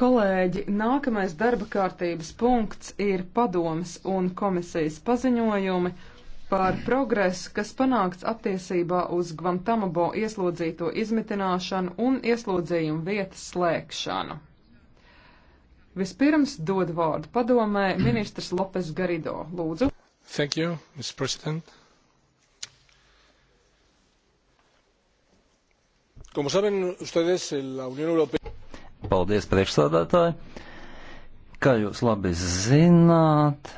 Kolēģi, nākamais darba kārtības punkts ir padomas un komisijas paziņojumi par progresu, kas panākts attiecībā uz Gvantamabo ieslodzīto izmitināšanu un ieslodzījumu vietas slēgšanu. Vispirms dod vārdu padomē ministrs Lopes Garido. Lūdzu. Thank you, Mr. President. Como saben ustedes, la Unión Europea. Paldies, priekšsādātāji. Kā jūs labi zināt,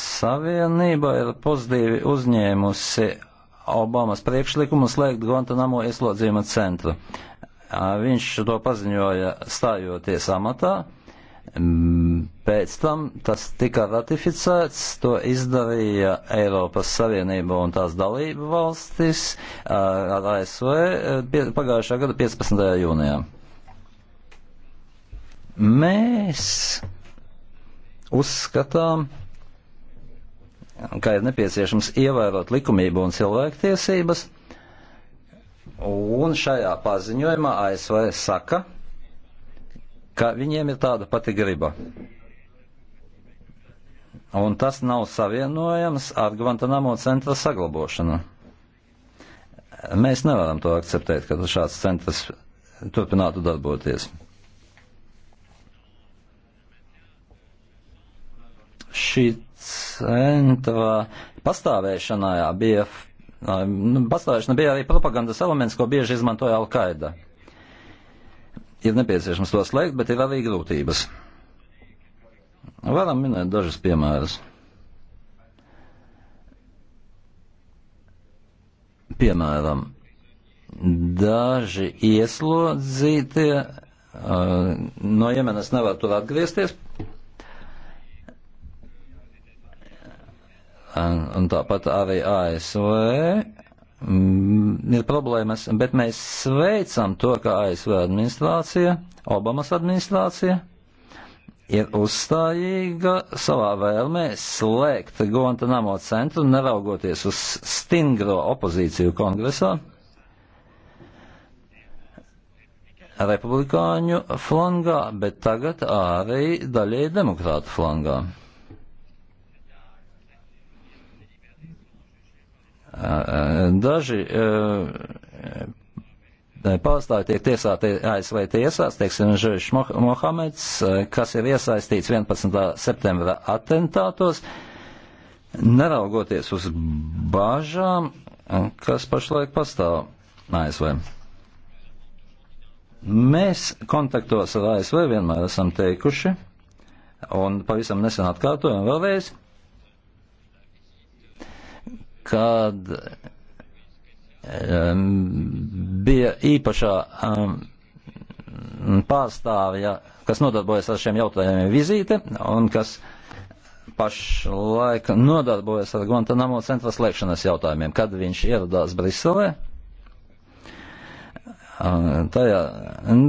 Savienība ir pozitīvi uzņēmusi Obamas priekšlikumu slēgt Guantanamo ieslodzījuma centru. Viņš to paziņoja stājoties amatā Pēc tam tas tika ratificēts, to izdarīja Eiropas Savienība un tās dalība valstis ar ASV pagājušā gada 15. jūnijā. Mēs uzskatām, ka ir nepieciešams ievērot likumību un cilvēktiesības, un šajā paziņojumā ASV saka, ka viņiem ir tāda pati griba. Un tas nav savienojams ar Guantanamo centra saglabošanu. Mēs nevaram to akceptēt, ka šāds centrs turpinātu darboties. Šī centra pastāvēšanā jā, bija, nu, pastāvēšana bija arī propagandas elements, ko bieži izmantoja Alkaida ir nepieciešams to slēgt, bet ir arī grūtības. Varam minēt dažas piemēras. Piemēram, daži ieslodzītie uh, no Jemenas nevar tur atgriezties. Un, un tāpat arī ASV Mm, ir problēmas, bet mēs sveicam to, ka ASV administrācija, Obamas administrācija, ir uzstājīga savā vēlmē slēgt Guantanamo centru, neraugoties uz stingro opozīciju kongresā. Republikāņu flangā, bet tagad arī daļai demokrātu flangā. Daži eh, eh, pārstāvji tiek tiesāti ASV tiesās, teiksim, Žēš Mohameds, eh, kas ir iesaistīts 11. septembra atentātos, neraugoties uz bāžām, kas pašlaik pastāv ASV. Mēs kontaktos ar ASV vienmēr esam teikuši, un pavisam nesen atkārtojam vēlreiz, kad um, bija īpašā um, pārstāvja, kas nodarbojas ar šiem jautājumiem vizīte un kas pašlaik nodarbojas ar Guantanamo centra slēgšanas jautājumiem, kad viņš ieradās Briselē. Tajā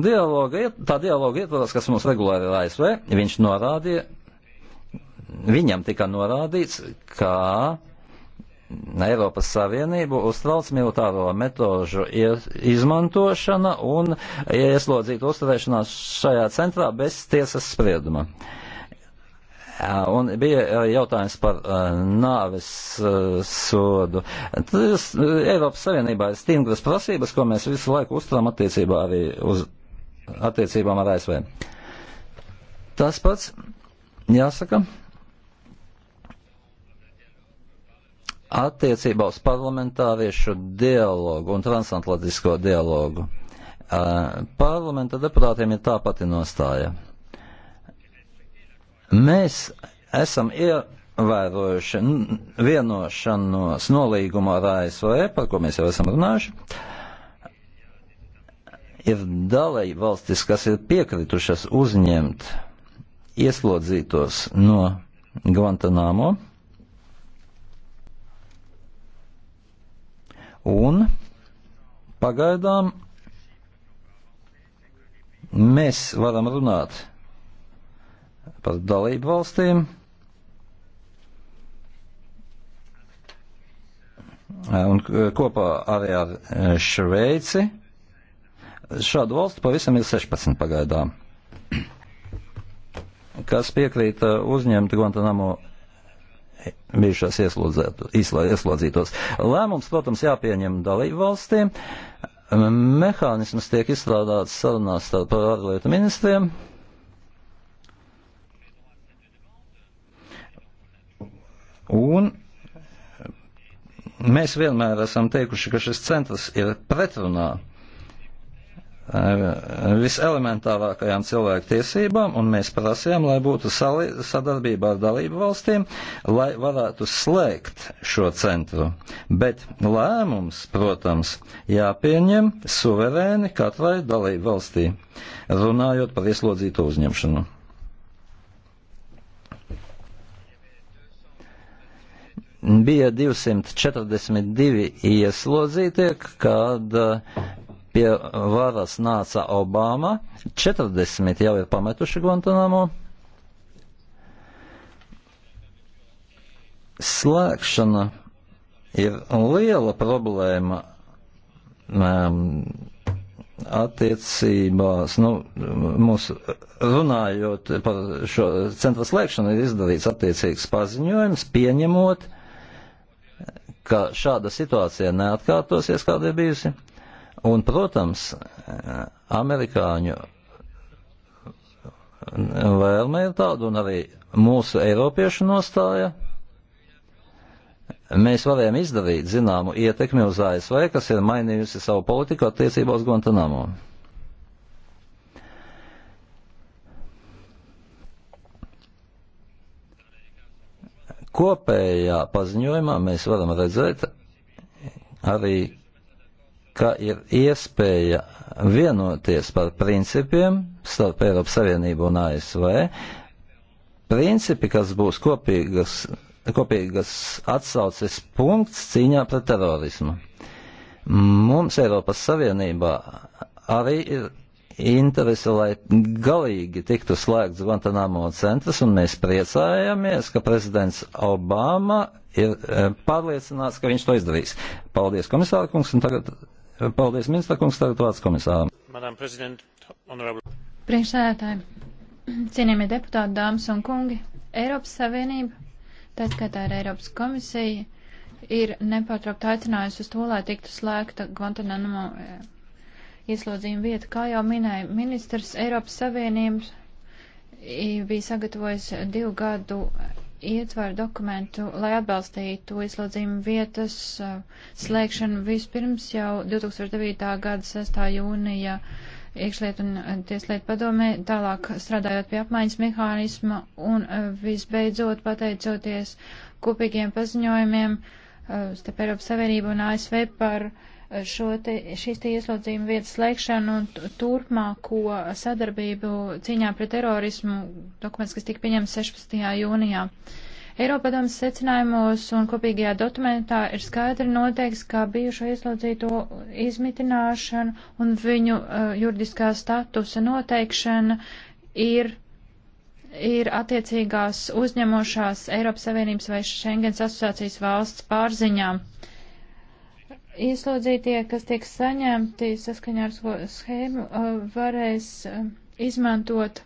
dialoga, tā dialoga ietvaros, kas mums regulāri ir ASV, viņš norādīja, viņam tika norādīts, ka uh, Eiropas Savienību uztrauc militāro metožu izmantošana un ieslodzītu uzturēšanās šajā centrā bez tiesas sprieduma. Un bija jautājums par nāves sodu. Tas Eiropas Savienībā ir stingras prasības, ko mēs visu laiku uzturām attiecībā arī uz attiecībām ar ASV. Tas pats jāsaka. attiecībā uz parlamentāriešu dialogu un transatlantisko dialogu. Parlamenta deputātiem ir tā pati nostāja. Mēs esam ievērojuši vienošanos nolīgumu ar ASV, par ko mēs jau esam runājuši. Ir dalība valstis, kas ir piekritušas uzņemt ieslodzītos no Guantanamo Un pagaidām mēs varam runāt par dalību valstīm, un kopā arī ar Šveici. Šādu valstu pavisam ir 16 pagaidām, kas piekrīt uzņemt Guantanamo bijušās ieslodzītos. Lēmums, protams, jāpieņem dalību valstīm. Mehānisms tiek izstrādāts sarunās starp ārlietu ministriem. Un mēs vienmēr esam teikuši, ka šis centrs ir pretrunā viselementārākajām cilvēku tiesībām, un mēs prasījām, lai būtu sali, sadarbība ar dalību valstīm, lai varētu slēgt šo centru. Bet lēmums, protams, jāpieņem suverēni katrai dalību valstī, runājot par ieslodzīto uzņemšanu. Bija 242 ieslodzītie, kad uh, pie varas nāca Obama, 40 jau ir pametuši Guantanamo. Slēgšana ir liela problēma um, attiecībās, nu, mūsu runājot par šo centra slēgšanu ir izdarīts attiecīgs paziņojums, pieņemot, ka šāda situācija neatkārtosies, kāda ir bijusi. Un, protams, amerikāņu vēlme ir tāda, un arī mūsu eiropiešu nostāja. Mēs varējām izdarīt zināmu ietekmi uz ASV, kas ir mainījusi savu politiku attiecībā uz Guantanamo. Kopējā paziņojumā mēs varam redzēt arī ka ir iespēja vienoties par principiem starp Eiropas Savienību un ASV, principi, kas būs kopīgas, kopīgas atsauces punkts cīņā pret terorismu. Mums Eiropas Savienībā arī ir interese, lai galīgi tiktu slēgts Guantanamo centrs, un mēs priecājamies, ka prezidents Obama ir eh, pārliecināts, ka viņš to izdarīs. Paldies, komisārkungs, un tagad Paldies, ministra kungs, tagad vārds komisāram. Priekšsēdētāji, cienījamie deputāti, dāmas un kungi, Eiropas Savienība, tā skaitā ir Eiropas komisija, ir nepārtraukt aicinājusi uz to, lai tiktu slēgta Guantanamo eh, ieslodzījuma vieta. Kā jau minēja ministrs, Eiropas Savienības bija sagatavojis divu gadu ietvaru dokumentu, lai atbalstītu ieslodzījumu vietas uh, slēgšanu vispirms jau 2009. gada 6. jūnija iekšliet un uh, tieslietu padomē, tālāk strādājot pie apmaiņas mehānisma un uh, visbeidzot pateicoties kopīgiem paziņojumiem starp Eiropas Savienību un ASV par uh, šo te, šīs te ieslodzījuma vietas slēgšanu un turpmāko sadarbību cīņā pret terorismu dokuments, kas tika pieņemts 16. jūnijā. Eiropadomas secinājumos un kopīgajā dokumentā ir skaidri noteikts, kā bijušo ieslodzīto izmitināšanu un viņu uh, juridiskā statusa noteikšana ir ir attiecīgās uzņemošās Eiropas Savienības vai Schengens asociācijas valsts pārziņām. Uh, ieslodzītie, kas tiek saņemti saskaņā ar šo schēmu, uh, varēs uh, izmantot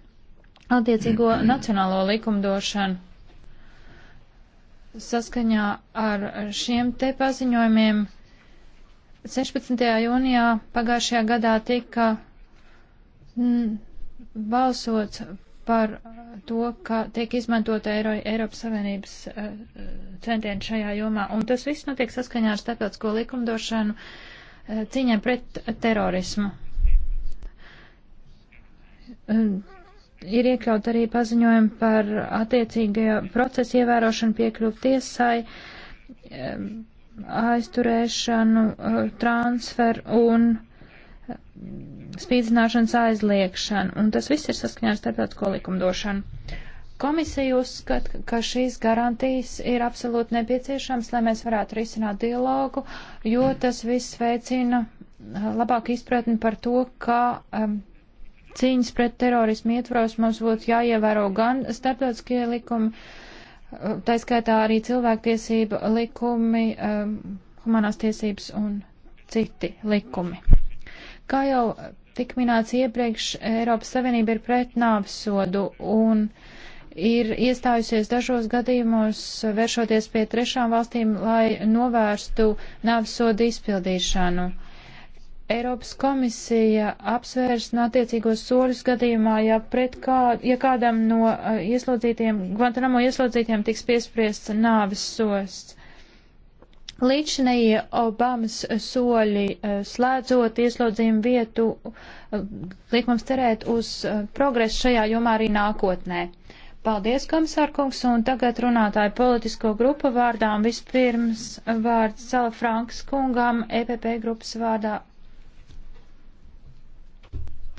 attiecīgo nacionālo likumdošanu. Saskaņā ar šiem te paziņojumiem 16. jūnijā pagājušajā gadā tika mm, balsots par eh, to, ka tiek izmantota Eiro, Eiropas Savienības eh, centieni šajā jomā. Un tas viss notiek saskaņā ar starptautisko likumdošanu eh, cīņai pret terorismu. Ir iekļaut arī paziņojumi par attiecīgajā procesa ievērošanu piekļuvu tiesai, aizturēšanu, transferu un spīdzināšanas aizliekšanu, un tas viss ir saskaņā ar starptautisko likumdošanu. Komisija uzskata, ka šīs garantijas ir absolūti nepieciešams, lai mēs varētu risināt dialogu, jo tas viss veicina eh, labāku izpratni par to, ka um, cīņas pret terorismu ietvaros mums būtu jāievēro gan starptautiskie likumi, eh, tā skaitā arī cilvēktiesība likumi, um, humanās tiesības un citi likumi. Kā jau tik minēts iepriekš, Eiropas Savienība ir pret nāvsodu un ir iestājusies dažos gadījumos, vēršoties pie trešām valstīm, lai novērstu nāvsodu izpildīšanu. Eiropas komisija apsvērs no attiecīgos soļus gadījumā, ja, kā, ja kādam no uh, ieslodzītiem, Guantanamo ieslodzītiem tiks piespriests nāves sosts. Līdšanējie Obamas soļi eh, slēdzot ieslodzījumu vietu eh, liek mums cerēt uz eh, progresu šajā jomā arī nākotnē. Paldies, komisārkungs, un tagad runātāju politisko grupu vārdām vispirms vārds Sala Franks kungam, EPP grupas vārdā.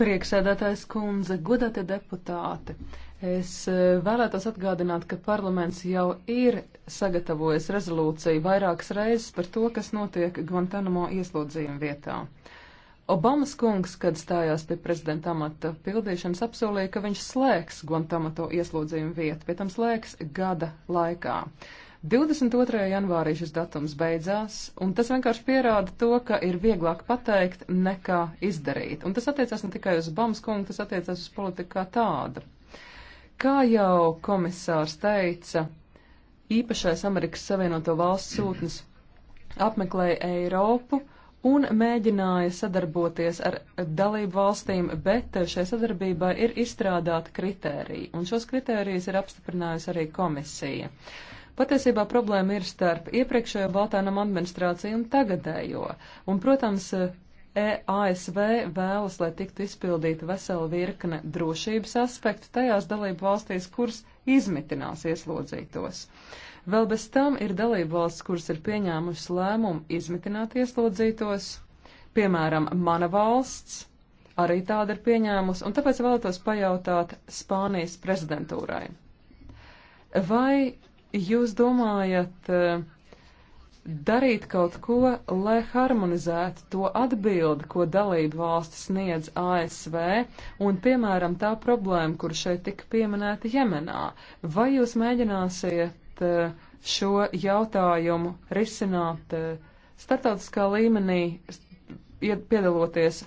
Prieksēdētājs kundze, godātie deputāti, es vēlētos atgādināt, ka parlaments jau ir sagatavojis rezolūciju vairākas reizes par to, kas notiek Guantanamo ieslodzījuma vietā. Obamas kungs, kad stājās pie prezidenta amata pildīšanas, apsolīja, ka viņš slēgs Guantanamo ieslodzījumu vietu, pie tam slēgs gada laikā. 22. janvārī šis datums beidzās, un tas vienkārši pierāda to, ka ir vieglāk pateikt nekā izdarīt. Un tas attiecās ne tikai uz Bams kungu, tas attiecās uz politiku kā tādu. Kā jau komisārs teica, īpašais Amerikas Savienoto valstu sūtnis apmeklēja Eiropu un mēģināja sadarboties ar dalību valstīm, bet šai sadarbībai ir izstrādāta kritērija, un šos kritērijus ir apstiprinājusi arī komisija. Patiesībā problēma ir starp iepriekšējo Baltānam administrāciju un tagadējo, un, protams, E ASV vēlas, lai tiktu izpildīta vesela virkne drošības aspektu tajās dalību valstīs, kuras izmitinās ieslodzītos. Vēl bez tam ir dalību valsts, kuras ir pieņēmušas lēmumu izmitināt ieslodzītos, piemēram, mana valsts arī tāda ir pieņēmusi, un tāpēc vēlētos pajautāt Spānijas prezidentūrai. Vai jūs domājat, darīt kaut ko, lai harmonizētu to atbildi, ko dalību valstis sniedz ASV, un, piemēram, tā problēma, kur šeit tika pieminēta Jemenā. Vai jūs mēģināsiet eh, šo jautājumu risināt eh, startautiskā līmenī, piedaloties,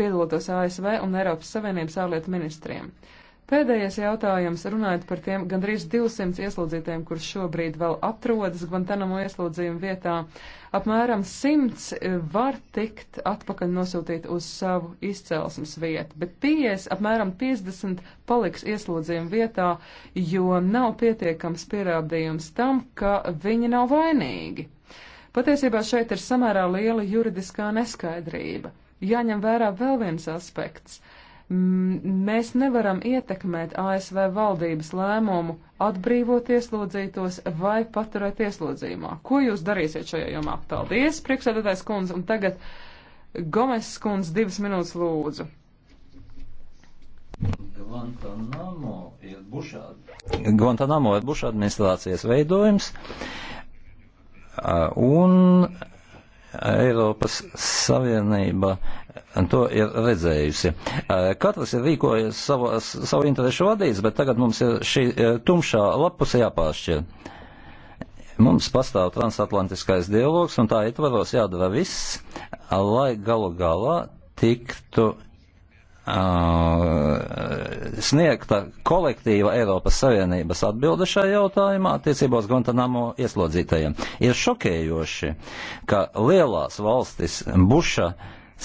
piedaloties ASV un Eiropas Savienības ārlietu ministriem? Uh, Pēdējais jautājums runājot par tiem gandrīz 200 ieslodzītiem, kurš šobrīd vēl atrodas Guantanamo ieslodzījuma vietā. Apmēram 100 eh, var tikt atpakaļ nosūtīt uz savu izcelsmes vietu, bet 50, apmēram 50 paliks ieslodzījuma vietā, jo nav pietiekams pierādījums tam, ka viņi nav vainīgi. Patiesībā šeit ir samērā liela juridiskā neskaidrība. Jāņem vērā vēl viens aspekts. Uh, Mm, mēs nevaram ietekmēt ASV valdības lēmumu atbrīvot ieslodzītos vai paturēt ieslodzījumā. Ko jūs darīsiet šajā jomā? Paldies, priekšsēdētājs kundze, un tagad Gomes skundze divas minūtes lūdzu. Guantanamo ir bušādi. Guantanamo ir bušādi administrācijas veidojums. Un Eiropas Savienība to ir redzējusi. Eh, katrs ir rīkojies savu, savu interesu vadīts, bet tagad mums ir šī eh, tumšā lapuse jāpāršķir. Mums pastāv transatlantiskais dialogs, un tā ietvaros jādara viss, lai galu galā tiktu Uh, sniegta kolektīva Eiropas Savienības atbilde šajā jautājumā attiecībā uz Guantanamo ieslodzītajiem. Ir šokējoši, ka lielās valstis, Buša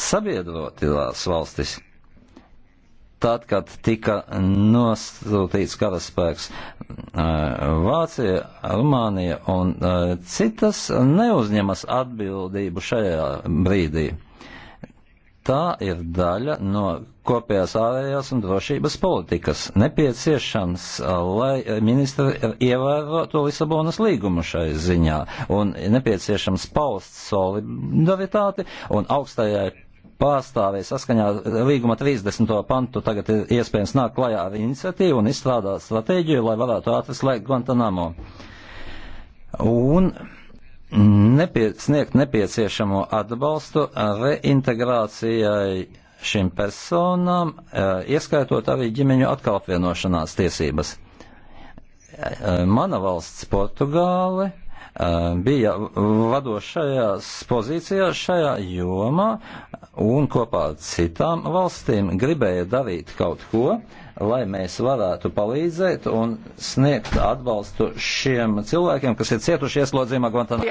sabiedrotās valstis, tad, kad tika nosūtīts karaspēks uh, Vācija, Rumānija un uh, citas, neuzņemas atbildību šajā brīdī. Tā ir daļa no kopējās ārējās un drošības politikas, nepieciešams, lai ministri ievērotu Lisabonas līgumu šai ziņā, un nepieciešams paust solidaritāti un augstajai pārstāvēja saskaņā līguma 30. pantu tagad ir iespējams nākt klajā ar iniciatīvu un izstrādāt stratēģiju, lai varētu atrast laiku Guantanamo. Un nepie, sniegt nepieciešamo atbalstu reintegrācijai šīm personām, e, ieskaitot arī ģimeņu atkalpvienošanās tiesības. E, mana valsts Portugāle e, bija vadošajās pozīcijās šajā jomā un kopā ar citām valstīm gribēja darīt kaut ko, lai mēs varētu palīdzēt un sniegt atbalstu šiem cilvēkiem, kas ir cietuši ieslodzījumā Guantanamo.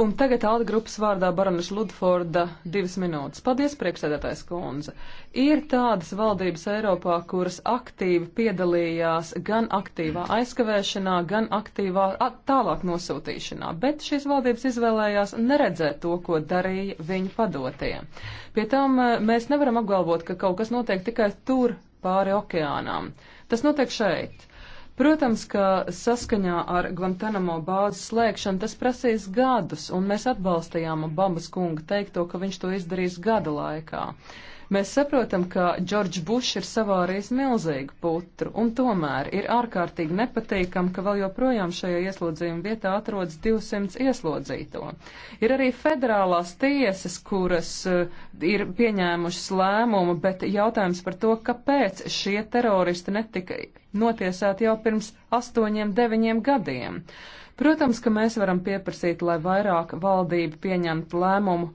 Un tagad Alda grupas vārdā Baranas Ludforda divas minūtes. Paldies, priekšsēdētājs kundze. Ir tādas valdības Eiropā, kuras aktīvi piedalījās gan aktīvā aizkavēšanā, gan aktīvā tālāk nosūtīšanā, bet šīs valdības izvēlējās neredzēt to, ko darīja viņu padotie. Pie tam eh, mēs nevaram apgalvot, ka kaut kas notiek tikai tikai tur pāri okeānam. Tas notiek šeit. Protams, ka saskaņā ar Guantanamo bāzes slēgšanu tas prasīs gadus, un mēs atbalstījām Obamas kunga teikto, ka viņš to izdarīs gada laikā. Mēs saprotam, ka Džordžs Bušs ir savārījis milzīgu putru, un tomēr ir ārkārtīgi nepatīkam, ka vēl joprojām šajā ieslodzījuma vietā atrodas 200 ieslodzīto. Ir arī federālās tiesas, kuras uh, ir pieņēmušas lēmumu, bet jautājums par to, kāpēc šie teroristi netika notiesāti jau pirms astoņiem, deviņiem gadiem. Protams, ka mēs varam pieprasīt, lai vairāk valdība pieņemtu lēmumu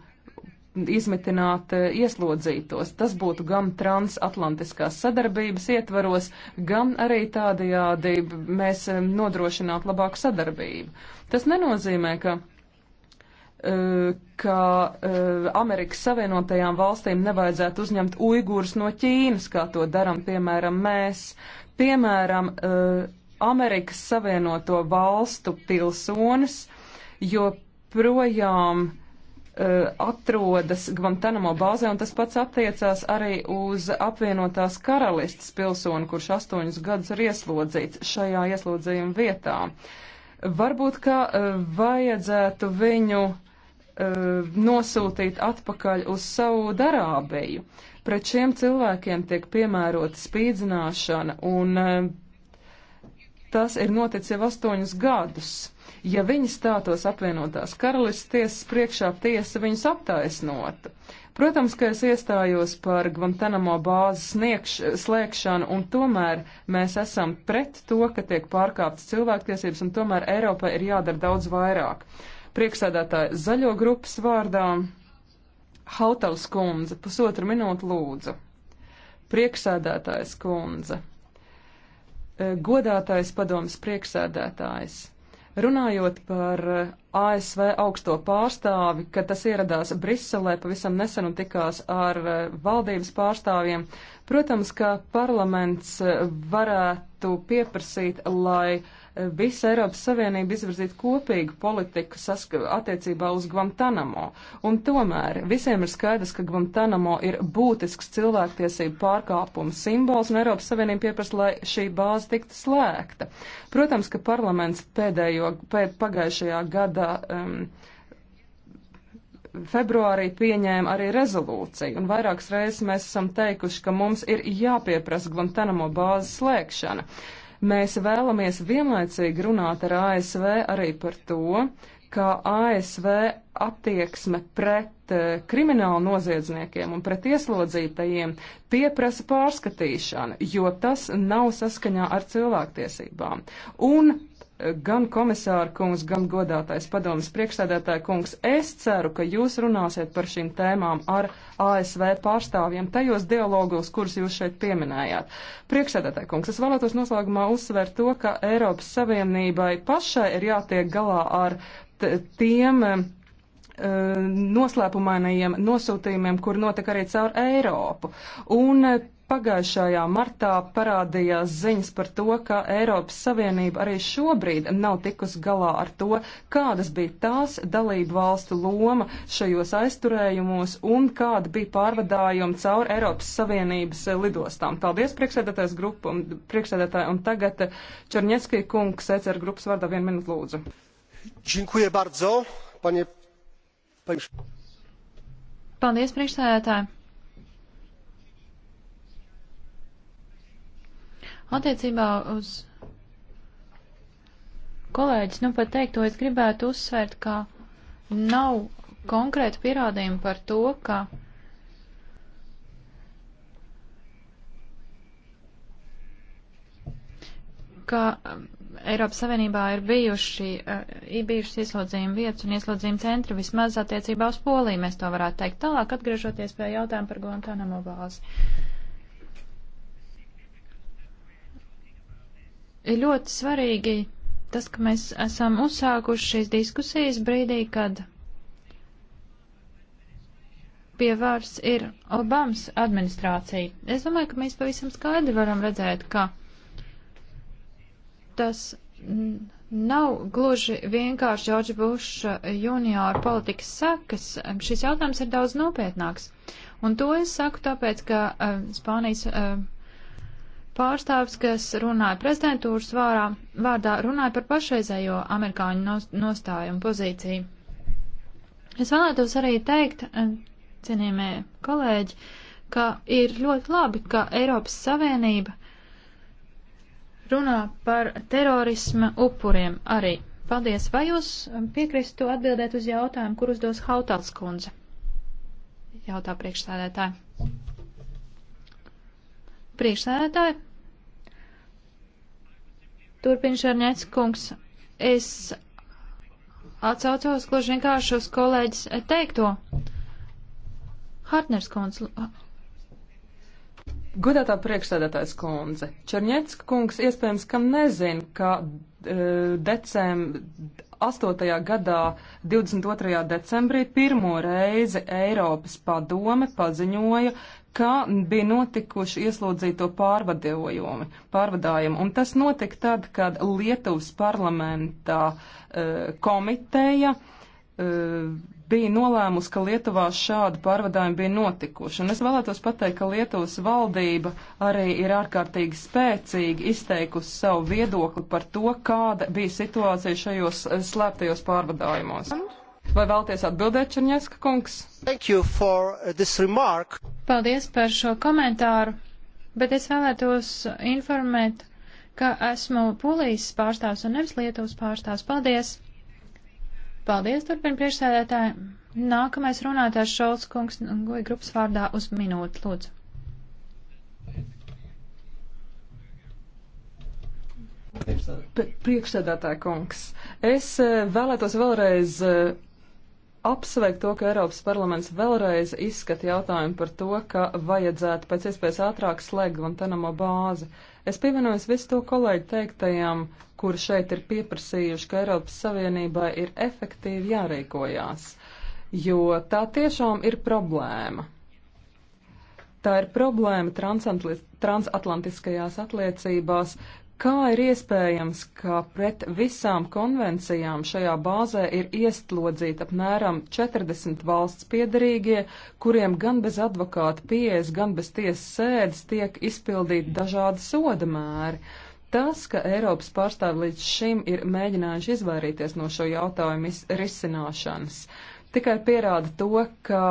izmitināt eh, ieslodzītos. Tas būtu gan transatlantiskās sadarbības ietvaros, gan arī tādajādi mēs eh, nodrošinātu labāku sadarbību. Tas nenozīmē, ka, eh, ka Amerikas Savienotajām valstīm nevajadzētu uzņemt uigurs no Ķīnas, kā to daram, piemēram, mēs. Piemēram, Amerikas Savienoto valstu pilsonis joprojām uh, Uh, atrodas Guantanamo bāzē, un tas pats attiecās arī uz apvienotās karalistas pilsoni, kurš astoņus gadus ir ieslodzīts šajā ieslodzījuma vietā. Varbūt, ka uh, vajadzētu viņu uh, nosūtīt atpakaļ uz savu darābiju. Pret šiem cilvēkiem tiek piemērota spīdzināšana, un tas ir noticis jau astoņus gadus. Ja viņi stātos apvienotās karalistas tiesas priekšā, tiesa viņus aptaisnotu. Protams, ka es iestājos par Guantanamo bāzes sniegš, slēgšanu, un tomēr mēs esam pret to, ka tiek pārkāptas cilvēktiesības, un tomēr Eiropai ir jādara daudz vairāk. Prieksēdētāja zaļo grupas vārdā Hautals kundze, pusotru minūtu lūdzu. Prieksēdētājs kundze. Godātais padomas prieksēdētājs. Runājot par ASV augsto pārstāvi, kad tas ieradās Briselē pavisam nesen un tikās ar eh, valdības pārstāvjiem. Protams, ka parlaments eh, varētu pieprasīt, lai eh, visa Eiropas Savienība izvirzītu kopīgu politiku attiecībā uz Guantanamo. Un tomēr visiem ir skaidrs, ka Guantanamo ir būtisks cilvēktiesību pārkāpuma simbols, un Eiropas Savienība pieprasa, lai šī bāze tiktu slēgta. Protams, ka parlaments pēdējo pē, pagājušajā gadā ka um, februārī pieņēma arī rezolūciju, un vairākas reizes mēs esam teikuši, ka mums ir jāpieprasa Guantanamo bāzes slēgšana. Mēs vēlamies vienlaicīgi runāt ar ASV arī par to, ka ASV attieksme pret uh, kriminālu noziedzniekiem un pret ieslodzītajiem pieprasa pārskatīšanu, jo tas nav saskaņā ar cilvēktiesībām. Un gan komisāra kungs, gan godātais padomas priekšsēdētāja kungs, es ceru, ka jūs runāsiet par šīm tēmām ar ASV pārstāvjiem tajos dialogos, kurus jūs šeit pieminējāt. Priekšsēdētāja kungs, es vēlētos noslēgumā uzsvērt to, ka Eiropas Savienībai pašai ir jātiek galā ar tiem eh, noslēpumainajiem nosūtījumiem, kur notika arī caur Eiropu. Un eh, Pagājušajā martā parādījās ziņas par to, ka Eiropas Savienība arī šobrīd nav tikus galā ar to, kādas bija tās dalību valstu loma šajos aizturējumos un kāda bija pārvadājuma caur Eiropas Savienības lidostām. Paldies, priekšsēdētājs grupu, priekšsēdētāji, un tagad Černiecki kungs, ECR grupas vārdā vienu minūtu lūdzu. Dziękuję bardzo, panie... Paldies, priekšsēdētāji. Attiecībā uz kolēģis, nu pat teikt, to es gribētu uzsvērt, ka nav konkrēti pierādījumi par to, ka ka um, Eiropas Savienībā ir bijuši, uh, ir bijušas ieslodzījuma vietas un ieslodzījuma centri vismaz attiecībā uz Poliju, mēs to varētu teikt. Tālāk atgriežoties pie jautājuma par Guantanamo bāzi. Ir ļoti svarīgi tas, ka mēs esam uzsākuši šīs diskusijas brīdī, kad pie vārs ir Obamas administrācija. Es domāju, ka mēs pavisam skaidri varam redzēt, ka tas nav gluži vienkārši Džordža Buša juniora politikas sekas. Šis jautājums ir daudz nopietnāks. Un to es saku tāpēc, ka uh, Spānijas uh, pārstāvis, kas runāja prezidentūras vārā, vārdā, runāja par pašreizējo amerikāņu nostāju un pozīciju. Es vēlētos arī teikt, eh, cienījamie kolēģi, ka ir ļoti labi, ka Eiropas Savienība runā par terorisma upuriem arī. Paldies, vai jūs eh, piekristu atbildēt uz jautājumu, kur uzdos Hautals kundze? Jautā priekšsēdētāji. Priekšsēdētāji, turpina Šarņēts kungs. Es atsaucos gluži vienkārši uz kolēģis teikto. Hartners kundze. Godātā priekšsēdētājs kundze, Černiecka kungs iespējams, kam nezin, ka eh, decem, 2008. gadā 22. decembrī pirmo reizi Eiropas padome paziņoja, ka bija notikuši ieslodzīto pārvadījumi, pārvadājumi. Un tas notika tad, kad Lietuvas parlamentā uh, eh, komiteja uh, bija nolēmusi, ka Lietuvā šādi pārvadājumi bija notikuši. Un es vēlētos pateikt, ka Lietuvas valdība arī ir ārkārtīgi spēcīgi izteikusi savu viedokli par to, kāda bija situācija šajos eh, slēptajos pārvadājumos. Vai vēlties atbildēt, Černieska kungs? Uh, Paldies par šo komentāru, bet es vēlētos informēt, ka esmu Polijas pārstāvs un nevis Lietuvas pārstāvs. Paldies! Paldies, turpina priekšsēdētāji. Nākamais runātājs Šolts kungs, nu, goja grupas vārdā uz minūti, lūdzu. Priekšsēdētāja kungs, es eh, vēlētos vēlreiz eh, apsveikt to, ka Eiropas parlaments vēlreiz izskata jautājumu par to, ka vajadzētu pēc iespējas ātrāk slēgt Guantanamo bāzi. Uh, Es pievienojos visu to kolēģi teiktajam, kur šeit ir pieprasījuši, ka Eiropas Savienībai ir efektīvi jārīkojās, jo tā tiešām ir problēma. Tā ir problēma transatlantiskajās attiecībās, Kā ir iespējams, ka pret visām konvencijām šajā bāzē ir ieslodzīti apmēram 40 valsts piedarīgie, kuriem gan bez advokāta pieejas, gan bez tiesas sēdes tiek izpildīti dažādi soda mēri? Tas, ka Eiropas pārstāvi līdz šim ir mēģinājuši izvairīties no šo jautājumu risināšanas, tikai pierāda to, ka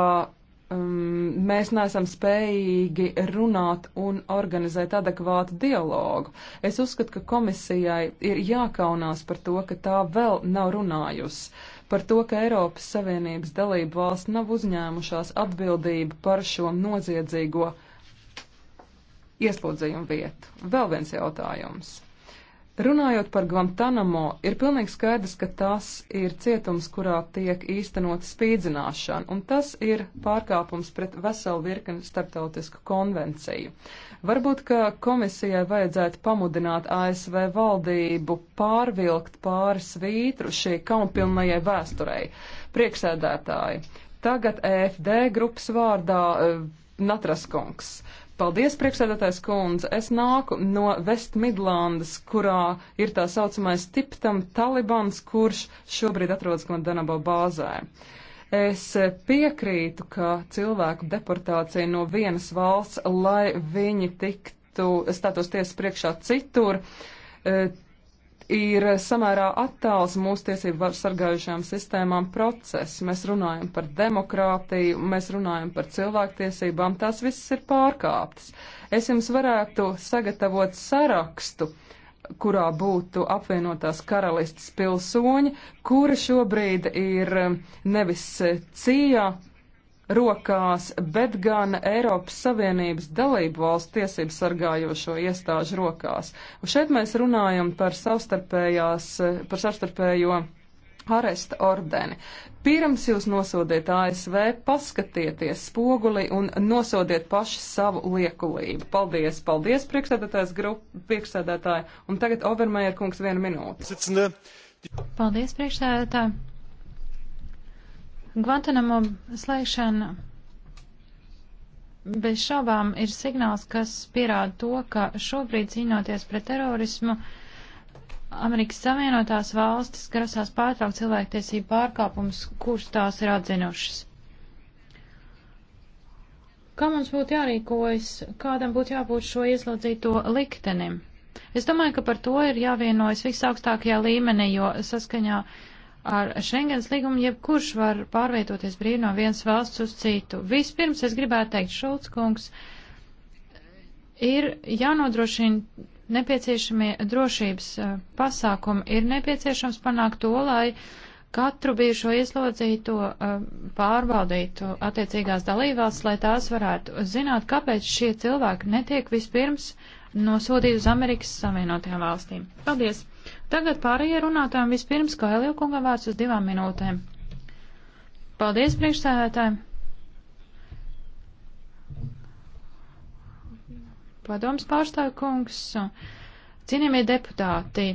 um, mēs neesam spējīgi runāt un organizēt adekvātu dialogu. Es uzskatu, ka komisijai ir jākaunās par to, ka tā vēl nav runājusi. Par to, ka Eiropas Savienības dalību valsts nav uzņēmušās atbildību par šo noziedzīgo ieslodzījumu vietu. Vēl viens jautājums. Runājot par Guantanamo, ir pilnīgi skaidrs, ka tas ir cietums, kurā tiek īstenot spīdzināšana, un tas ir pārkāpums pret veselu virkni starptautisku konvenciju. Varbūt, ka komisijai vajadzētu pamudināt ASV valdību pārvilkt pāri svītru šī kaunpilnajai vēsturei. Prieksēdētāji, tagad EFD grupas vārdā eh, Natraskungs. Uh, Paldies, priekšsēdētājs kundze. Es nāku no Vestmidlandes, kurā ir tā saucamais tiptam Talibans, kurš šobrīd atrodas Gvandanabo bāzē. Es piekrītu, ka cilvēku deportācija no vienas valsts, lai viņi tiktu, stātos tiesas priekšā citur, eh, ir samērā attāls mūsu tiesību sargājušajām sistēmām process. Mēs runājam par demokrātiju, mēs runājam par cilvēktiesībām, tās visas ir pārkāptas. Es jums varētu sagatavot sarakstu kurā būtu apvienotās karalistas pilsoņi, kuri šobrīd ir nevis cīja rokās, bet gan Eiropas Savienības dalību valsts tiesību sargājošo iestāžu rokās. Un šeit mēs runājam par, par savstarpējo aresta ordeni. Pirms jūs nosodiet ASV, paskatieties spoguli un nosodiet paši savu liekulību. Paldies, paldies, priekšsēdētājs grupa, priekšsēdētāji. Un tagad Overmaier kungs vienu minūti. Paldies, priekšsēdētāji. Guantanamo slēgšana bez šaubām ir signāls, kas pierāda to, ka šobrīd cīnoties pret terorismu, Amerikas Savienotās valstis grasās pārtraukt cilvēktiesību pārkāpumus, kurus tās ir atzinušas. Kā mums būtu jārīkojas, kādam būtu jābūt šo ieslodzīto liktenim? Es domāju, ka par to ir jāvienojas visaugstākajā līmenī, jo saskaņā uh, ar Schengens līgumu jebkurš var pārvietoties brīvi no vienas valsts uz citu. Vispirms es gribētu teikt, Šulc kungs, ir jānodrošina nepieciešamie drošības eh, pasākumi, ir nepieciešams panākt to, lai uh, katru bijušo ieslodzīto eh, pārbaudītu attiecīgās dalībās, lai tās varētu zināt, kāpēc šie cilvēki netiek vispirms nosodīti uz Amerikas Savienotajām valstīm. Paldies! Tagad pārējie runātājiem vispirms Kailio kungam vārds uz divām minūtēm. Paldies priekšsēdētājiem! Padoms pārstāvkungs, cienījamie deputāti,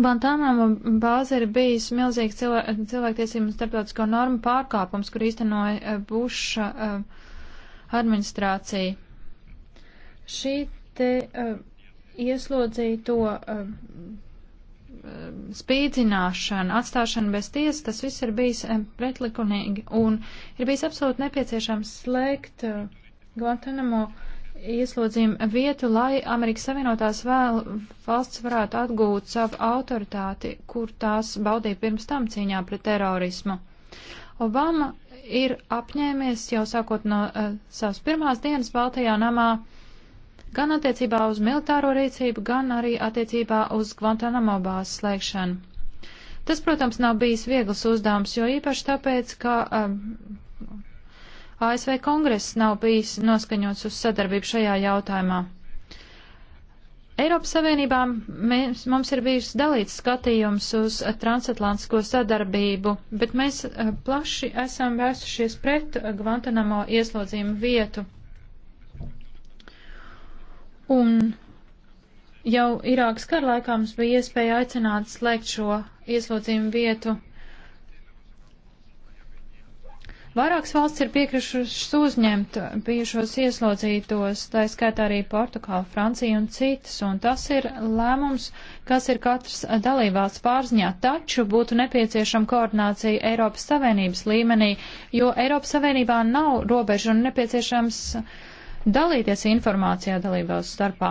Bantāmām bāze ir bijis milzīgs cilvē, cilvēktiesību un starptautisko normu pārkāpums, kur īstenoja eh, Buša eh, administrācija. Šī te eh, ieslodzīto spīdzināšana, atstāšana bez tiesas, tas viss ir bijis pretlikunīgi un ir bijis absolūti nepieciešams slēgt Guantanamo ieslodzījuma vietu, lai Amerikas Savienotās vēl valsts varētu atgūt savu autoritāti, kur tās baudīja pirms tam cīņā pret terorismu. Obama ir apņēmies jau sākot no uh, savas pirmās dienas Baltajā namā gan attiecībā uz militāro rīcību, gan arī attiecībā uz Guantanamo bāzes slēgšanu. Tas, protams, nav bijis viegls uzdevums, jo īpaši tāpēc, ka um, ASV kongress nav bijis noskaņots uz sadarbību šajā jautājumā. Eiropas Savienībā mēs, mums ir bijis dalīts skatījums uz transatlantisko sadarbību, bet mēs eh, plaši esam vērsušies pret eh, Guantanamo ieslodzījumu vietu. Un jau Irākas kara laikā mums bija iespēja aicināt slēgt šo ieslodzījumu vietu Vairākas valsts ir piekrišas uzņemt bijušos ieslodzītos, tā skaitā arī Portugāla, Francija un citas, un tas ir lēmums, kas ir katrs dalībvalsts pārziņā, taču būtu nepieciešama koordinācija Eiropas Savienības līmenī, jo Eiropas Savienībā nav robežu un nepieciešams dalīties informācijā dalībvalstu starpā.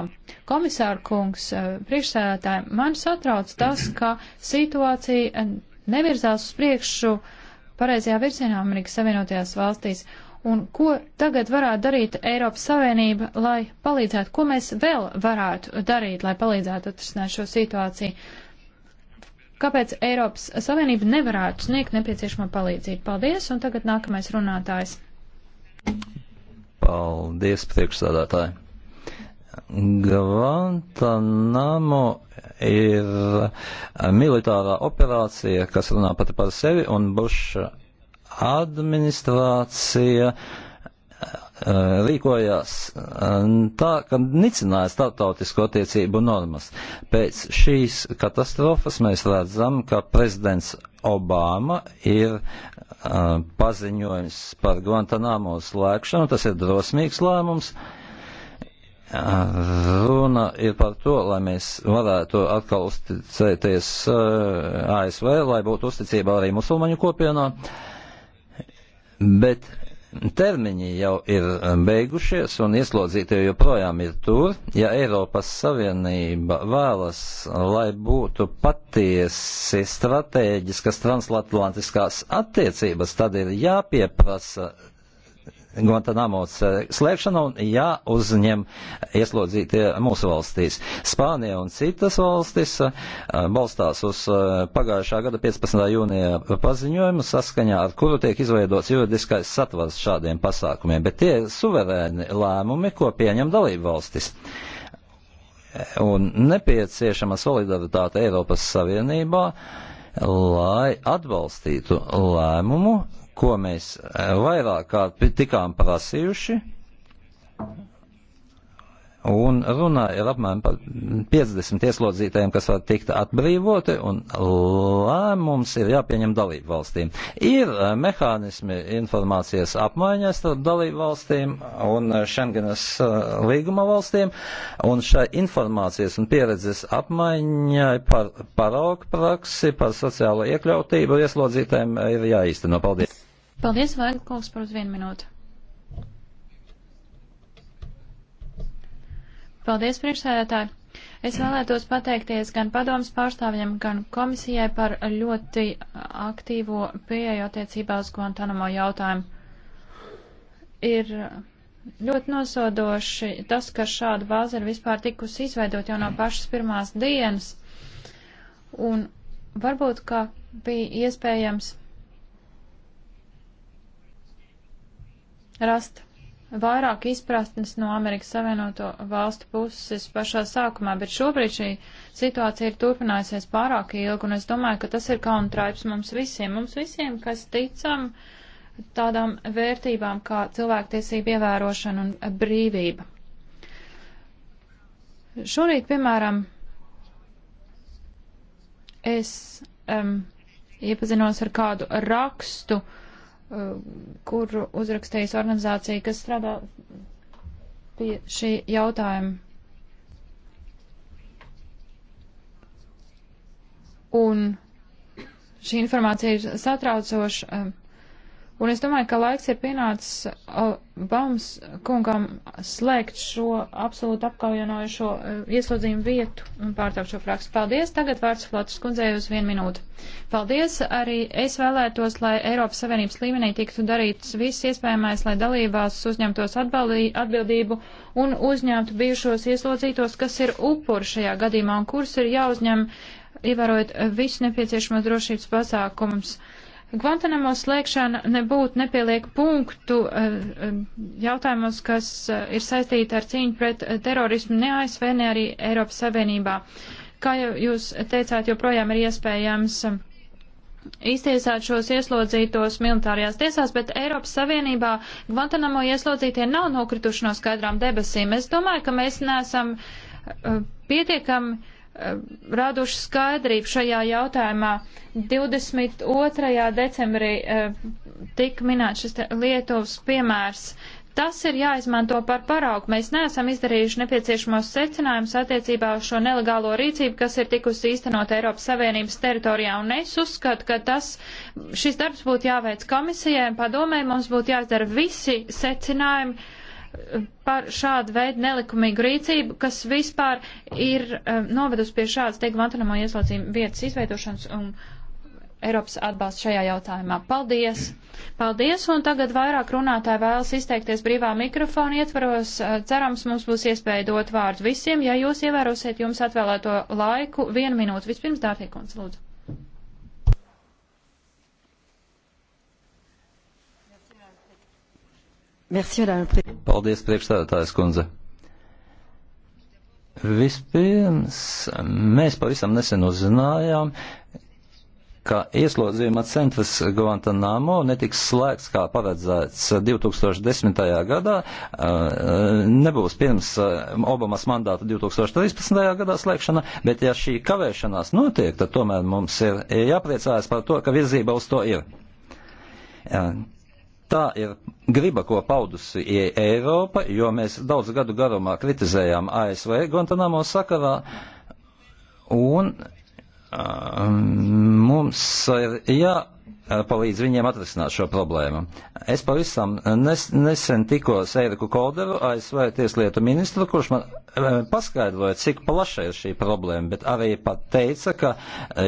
Komisāra kungs, eh, priekšsēdētāji, man satrauc tas, ka situācija eh, nevirzās uz priekšu uh, pareizajā virzienā Amerikas Savienotajās valstīs. Un ko tagad varētu darīt Eiropas Savienība, lai palīdzētu, ko mēs vēl varētu darīt, lai palīdzētu atrisināt šo situāciju? Kāpēc Eiropas Savienība nevarētu sniegt nepieciešamo palīdzību? Paldies, un tagad nākamais runātājs. Paldies, priekšsādātāji. Guantanamo ir militārā operācija, kas runā pati par sevi, un Buša administrācija eh, rīkojās eh, tā, ka nicināja starptautisko attiecību normas. Pēc šīs katastrofas mēs redzam, ka prezidents Obama ir uh, paziņojis par Guantanamo slēgšanu, tas ir drosmīgs lēmums. Uh, Runa ir par to, lai mēs varētu atkal uzticēties eh, ASV, lai būtu uzticība arī musulmaņu kopienā, bet termiņi jau ir eh, beigušies un ieslodzītie joprojām ir tur. Ja Eiropas Savienība vēlas, lai būtu patiesi strateģiskas transatlantiskās attiecības, tad ir jāpieprasa Guantanamos eh, slēpšanu un jāuzņem ieslodzītie mūsu valstīs. Spānija un citas valstis eh, balstās uz eh, pagājušā gada 15. jūnija paziņojumu, saskaņā ar kuru tiek izveidots juridiskais satvars šādiem pasākumiem, bet tie ir suverēni lēmumi, ko pieņem dalību valstis un nepieciešama solidaritāte Eiropas Savienībā, lai atbalstītu lēmumu, ko mēs eh, vairāk kārt tikām prasījuši, un runā ir apmēram par 50 ieslodzītajiem, kas var tikt atbrīvoti, un lēmums ir jāpieņem dalību valstīm. Ir eh, mehānismi informācijas apmaiņai starp dalību valstīm un eh, Schengenas līguma valstīm, un šai informācijas un pieredzes apmaiņai par paraugu praksi, par sociālo iekļautību ieslodzītājiem ir jāīsteno. Paldies! Paldies, Vaigla kungs, par uz vienu minūtu. Paldies, priekšsēdētāji! Es vēlētos pateikties gan padomas pārstāvjiem, gan komisijai par ļoti aktīvo pieeju attiecībā uz Guantanamo jautājumu. Ir ļoti nosodoši tas, ka šāda bāze ir vispār tikusi izveidot jau no pašas pirmās dienas. Un varbūt, ka bija iespējams rast vairāk izprastnes no Amerikas Savienoto valstu puses pašā sākumā, bet šobrīd šī situācija ir turpinājusies pārāk ilgi, un es domāju, ka tas ir kauntraips mums visiem, mums visiem, kas ticam tādām vērtībām kā cilvēktiesība ievērošana un brīvība. Šorīt, piemēram, es um, iepazinos ar kādu rakstu, uh, kuru uzrakstījusi organizācija, kas strādā pie šī jautājuma. Un šī informācija ir satraucoša. Un es domāju, ka laiks ir pienācis uh, Bams kungam slēgt šo absolūti apkaujanojušo uh, ieslodzījumu vietu un pārtraukt šo frakstu. Paldies! Tagad vārds Flotas kundzei uz vienu minūtu. Paldies! Arī es vēlētos, lai Eiropas Savienības līmenī tiktu darīts viss iespējamais, lai dalībās uzņemtos atbaldī, atbildību un uzņemtu bijušos ieslodzītos, kas ir upuri šajā gadījumā un kurus ir jāuzņem ievērojot visus nepieciešamos drošības pasākumus. Guantanamo slēgšana nebūtu nepieliek punktu eh, eh, jautājumos, kas eh, ir saistīti ar cīņu pret terorismu ne ASV, ne arī Eiropas Savienībā. Kā jau jūs teicāt, joprojām ir iespējams iztiesāt šos ieslodzītos militārajās tiesās, bet Eiropas Savienībā Guantanamo ieslodzītie nav nokrituši no skaidrām debesīm. Es domāju, ka mēs neesam pietiekami Eh, raduši skaidrību šajā jautājumā. 22. decembrī eh, tika minēts šis Lietuvas piemērs. Tas ir jāizmanto par paraugu. Mēs neesam izdarījuši nepieciešamos secinājumus attiecībā uz šo nelegālo rīcību, kas ir tikusi īstenot Eiropas Savienības teritorijā. Un es uzskatu, ka tas, šis darbs būtu jāveic komisijai un padomē, mums būtu jāizdara visi secinājumi par šādu veidu nelikumīgu rīcību, kas vispār ir eh, novedusi pie šādas, te Guantanamo ieslodzījuma vietas izveidošanas un Eiropas atbalsts šajā jautājumā. Paldies! Paldies, un tagad vairāk runātāji vēlas izteikties brīvā mikrofona ietvaros. Eh, cerams, mums būs iespēja dot vārdu visiem, ja jūs ievērosiet jums atvēlēto laiku vienu minūtu. Vispirms, Dārfīkons, lūdzu. Merci, Paldies, priekšstādātājs kundze. Vispirms mēs pavisam nesen uzzinājām, ka ieslodzījuma centrs Guantanamo netiks slēgts kā paredzēts 2010. gadā, nebūs pirms Obamas mandāta 2013. gadā slēgšana, bet ja šī kavēšanās notiek, tad tomēr mums ir jāpriecājas par to, ka virzība uz to ir Tā ir griba, ko paudusi e- Eiropa, jo mēs daudz gadu garumā kritizējām ASV Guantanamo sakarā, un um, mums ir jā. Ja, Eh, palīdz viņiem atrisināt šo problēmu. Es pavisam nes, nesen tikos Eiriku Kolderu, ASV tieslietu ministru, kurš man eh, paskaidroja, cik plaša ir šī problēma, bet arī pat teica, ka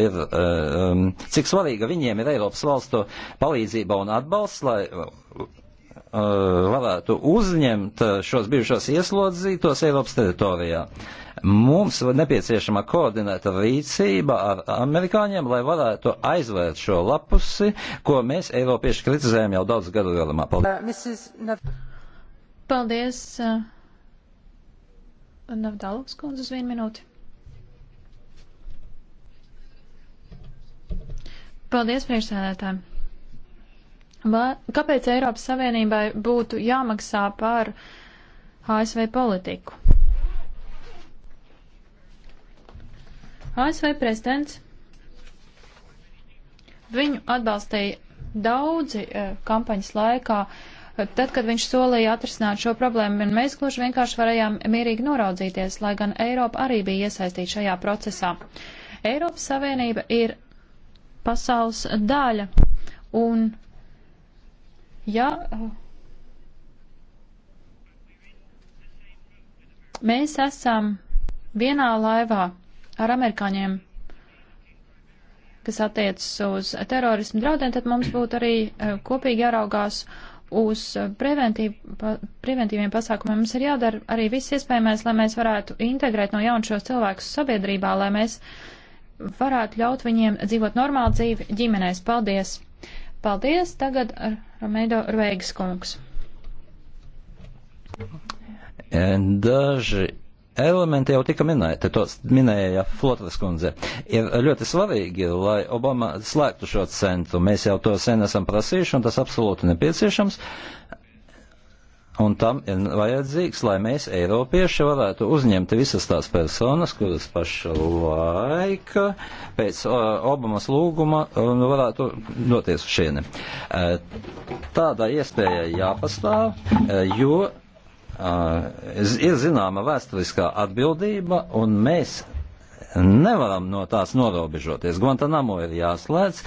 ir, eh, um, cik svarīga viņiem ir Eiropas valstu palīdzība un atbalsts, lai Uh, varētu uzņemt uh, šos bijušos ieslodzītos Eiropas teritorijā. Mums nepieciešama koordinēta rīcība ar amerikāņiem, lai varētu aizvērt šo lapusi, ko mēs Eiropieši kritizējam jau daudz gadu garumā. Paldies! Uh, Paldies! Navdalovs kundze uz vienu minūti. Paldies, priekšsēdētāji! Vai, kāpēc Eiropas Savienībai būtu jāmaksā par ASV politiku? ASV prezidents viņu atbalstīja daudzi eh, kampaņas laikā, tad, kad viņš solīja atrisināt šo problēmu, un mēs gluži vienkārši varējām mierīgi noraudzīties, lai gan Eiropa arī bija iesaistīta šajā procesā. Eiropas Savienība ir pasaules daļa, un Ja mēs esam vienā laivā ar amerikāņiem, kas attiecas uz terorismu draudiem, tad mums būtu arī eh, kopīgi jāraugās uz eh, preventīviem pasākumiem. Mums ir jādara arī viss iespējamais, lai mēs varētu integrēt no jauna šos cilvēkus sabiedrībā, lai mēs varētu ļaut viņiem dzīvot normālu dzīvi ģimenēs. Paldies! Paldies, tagad ar Romeido Rveigas kungs. Eh, daži elementi jau tika minēti, tos minēja Flotras kundze. Ir ļoti svarīgi, lai Obama slēgtu šo centru. Mēs jau to sen esam prasījuši, un tas absolūti nepieciešams. Un tam ir vajadzīgs, lai mēs, Eiropieši, varētu uzņemt visas tās personas, kuras pašlaika pēc uh, Obamas lūguma uh, varētu doties uz šieni. Uh, tādā iespēja jāpastāv, uh, jo uh, ir zināma vēsturiskā atbildība, un mēs nevaram no tās norobežoties. Guantanamo ir jāslēdz,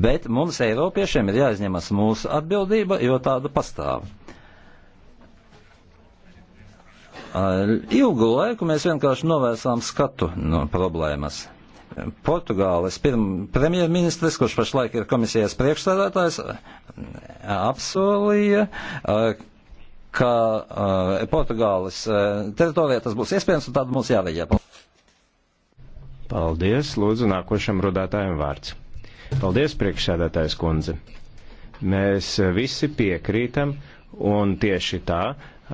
bet mums, Eiropiešiem, ir jāizņemas mūsu atbildība, jo tāda pastāv. Ar ilgu laiku mēs vienkārši novērsām skatu no problēmas. Portugāles premjerministrs, kurš pašlaik ir komisijas priekšstādātājs, apsolīja, ka Portugāles teritorijā tas būs iespējams un tādu mums jāveģē. Paldies, lūdzu, nākošam rudātājiem vārds. Paldies, priekšsēdētājs kundze. Mēs visi piekrītam, un tieši tā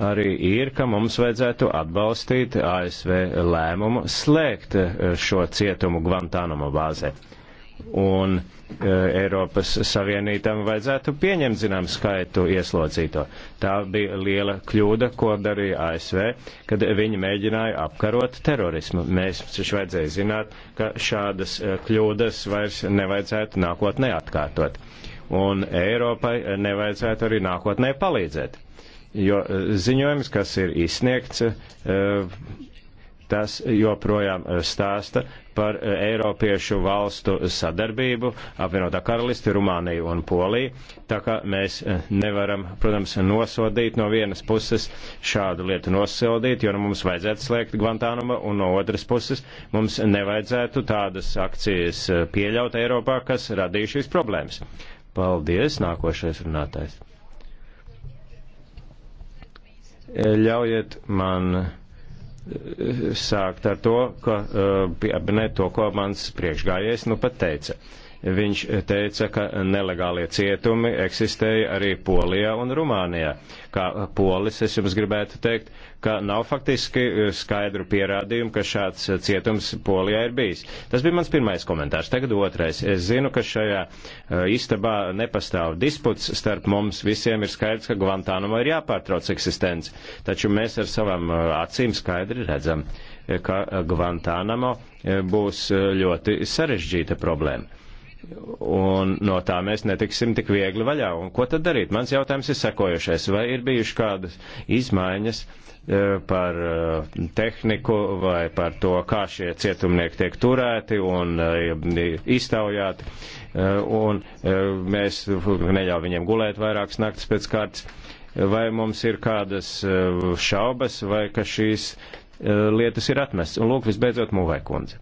arī ir, ka mums vajadzētu atbalstīt ASV lēmumu slēgt e, šo cietumu Guantanamo bāzē. Un e, Eiropas Savienītam vajadzētu pieņemt zinām skaitu ieslodzīto. Tā bija liela kļūda, ko darīja ASV, kad viņi mēģināja apkarot terorismu. Mēs taču vajadzēja zināt, ka šādas e, kļūdas vairs nevajadzētu nākotnē atkārtot. Un Eiropai nevajadzētu arī nākotnē palīdzēt jo eh, ziņojums, kas ir izsniegts, eh, tas joprojām eh, stāsta par Eiropiešu valstu sadarbību, apvienotā karalisti, Rumānija un Polija. Tā kā mēs nevaram, protams, nosodīt no vienas puses šādu lietu nosildīt, jo nu mums vajadzētu slēgt Guantānuma, un no otras puses mums nevajadzētu tādas akcijas pieļaut Eiropā, kas radīja šīs problēmas. Paldies, nākošais runātājs. Ļaujiet man eh, sākt ar to, ka eh, pieminēt to, ko mans priekšgājējs nu pat teica. Uh, Viņš teica, ka nelegālie cietumi eksistēja arī Polijā un Rumānijā. Kā polis es jums gribētu teikt, ka nav faktiski skaidru pierādījumu, ka šāds cietums Polijā ir bijis. Tas bija mans pirmais komentārs. Tagad otrais. Es zinu, ka šajā e, istabā nepastāv disputs starp mums visiem. Ir skaidrs, ka Guantānamo ir jāpārtrauc eksistence. Taču mēs ar savām e, acīm skaidri redzam, e, ka Guantānamo būs ļoti sarežģīta problēma un no tā mēs netiksim tik viegli vaļā. Un ko tad darīt? Mans jautājums ir sekojušais. Vai ir bijuši kādas izmaiņas e, par e, tehniku vai par to, kā šie cietumnieki tiek turēti un e, iztaujāti? Un mēs neļauj viņiem gulēt vairākas naktas pēc kārtas. Vai mums ir kādas šaubas vai ka šīs lietas ir atmestas? Un lūk, visbeidzot, Mūvai kundze.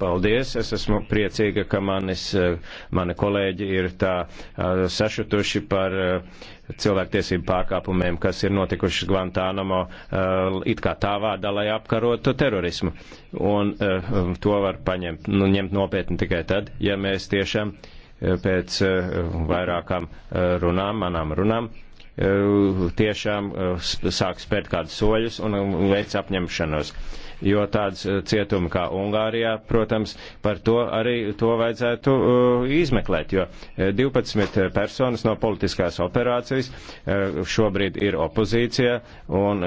Paldies, es esmu priecīga, ka manis, mani kolēģi ir tā sašutuši par cilvēktiesību pārkāpumiem, kas ir notikuši Guantānamo, it kā tā vārdā, lai apkarotu terorismu. Un um, to var paņemt, nu, ņemt nopietni tikai tad, ja mēs tiešām pēc vairākām runām, manām runām, tiešām sāk spērt kādus soļus un um, veic apņemšanos jo tāds eh, cietumi kā Ungārijā, protams, par to arī to vajadzētu eh, izmeklēt, jo 12 eh, personas no politiskās operācijas šobrīd ir opozīcija un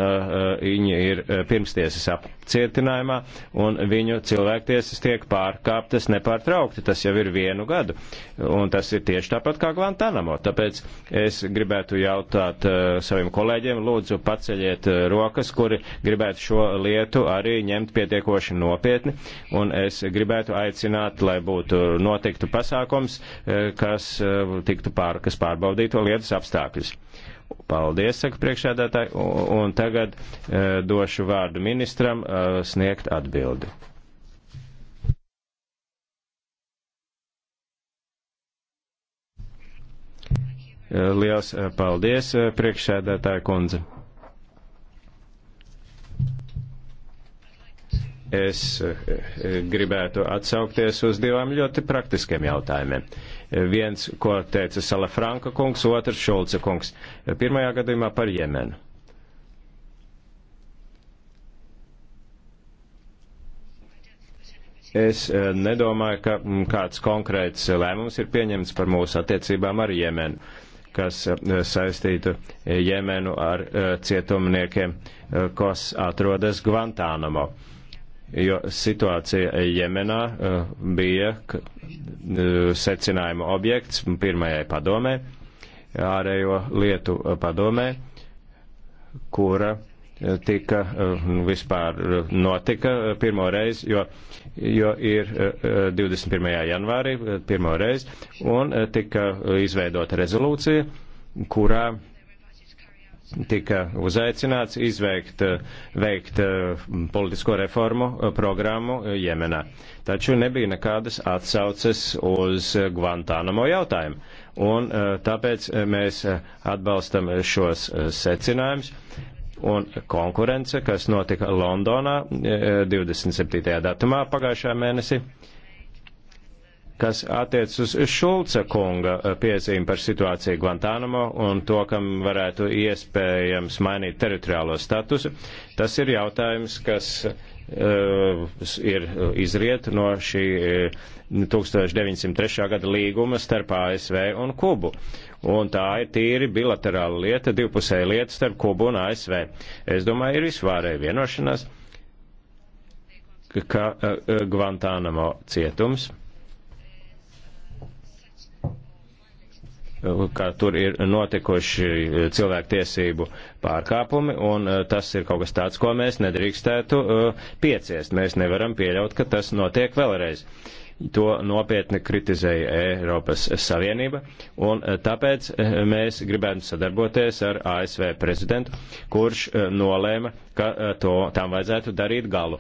viņi ir pirmstiesas apcietinājumā un viņu cilvēktiesas tiek pārkāptas nepārtraukti. Tas jau ir vienu gadu un tas ir tieši tāpat kā Guantanamo. Tāpēc es gribētu jautāt saviem kolēģiem, lūdzu paceļiet rokas, kuri gribētu šo lietu arī arī ņemt pietiekoši nopietni, un es gribētu aicināt, lai būtu notiktu pasākums, eh, kas eh, tiktu pār, kas pārbaudītu lietas apstākļus. Paldies, saka priekšēdētāji, un tagad eh, došu vārdu ministram sniegt atbildi. Liels paldies, priekšsēdētāja kundze. Es eh, gribētu atsaukties uz divām ļoti praktiskiem jautājumiem. Viens, ko teica Salafranka kungs, otrs Šulca kungs. Pirmajā gadījumā par Jemenu. Es eh, nedomāju, ka mm, kāds konkrēts lēmums ir pieņemts par mūsu attiecībām ar Jemenu, kas eh, saistītu Jemenu ar cietumniekiem, kas atrodas Gvantānamo jo situācija Jemenā eh, bija eh, secinājuma objekts pirmajai padomē, ārējo lietu padomē, kura eh, tika nu, vispār notika pirmo reizi, jo, jo ir 21. janvārī pirmo reizi, un tika izveidota rezolūcija, kurā tika uzaicināts izveikt, veikt mm, politisko reformu eh, programmu eh, Jemenā. Taču nebija nekādas atsauces uz Guantānamo jautājumu. Un eh, tāpēc mēs atbalstam šos secinājumus. Un konkurence, kas notika Londonā 27. datumā pagājušā mēnesī, kas attiec uz Šulca kunga eh, piezīmi par situāciju Guantānamo un to, kam varētu iespējams mainīt teritoriālo statusu. Tas ir jautājums, kas eh, ir izriet no šī 1903. Eh, gada līguma starp ASV un Kubu. Un tā ir tīri bilaterāla lieta, divpusēja lieta starp Kubu un ASV. Es domāju, ir visvārēja vienošanās, ka Guantānamo cietums Uh, ka tur ir notikuši uh, cilvēktiesību pārkāpumi, un uh, tas ir kaut kas tāds, ko mēs nedrīkstētu pieciest. Mēs nevaram pieļaut, ka tas notiek vēlreiz. To nopietni kritizēja Eiropas Savienība, un tāpēc mēs gribētu sadarboties ar ASV prezidentu, kurš nolēma, ka to, tam vajadzētu darīt galu,